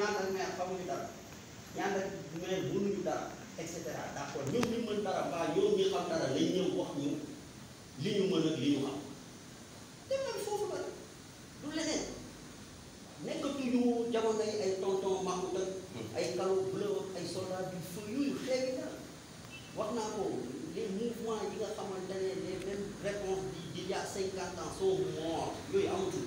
ñaanal maire xamuñu dara ñaanal maire mënuñu dara et cetera d' accord ñoom ñu mën dara mbaa ñoom ñi xam dara lañ ñëw wax ñu li ñu mën ak li ñu xam demal foofu la du leneen nekkatuñu jamono yi ay tonton Mahmoud ak ay kalo bleu ay soldat du feu yooyu xeebi dara wax naa ko les mouvements yi nga xamante ne les mêmes réponses di di il y a cinquante ans sont morts yooyu amatul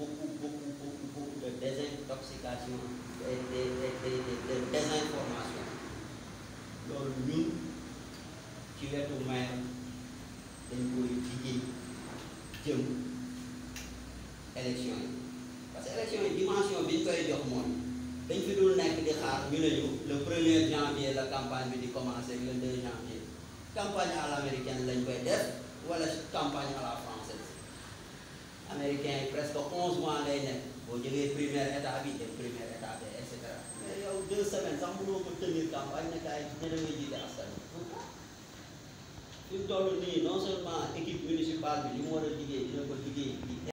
beaucoup, beaucoup, beaucoup, beaucoup loolu ñun ci wetu maire dañ koy liggéey jëm élection yi parce que élection yi dimension koy jox mooy dañ fi dul nekk di xaar ñu ne ñu le premier janvier la campagne bi di commencer le deux janvier campagne à l'américaine lañ koy def wala campagne à américain yi presque onze mois ngay nekk boo jógee première état bi dem première état bi et cetera mais yow deux semaines sax mënoo ko tenir campagne nag ay dina nga jiite askan fi mu toll nii non seulement équipe municipale bi li mu war a liggéey dina ko liggéey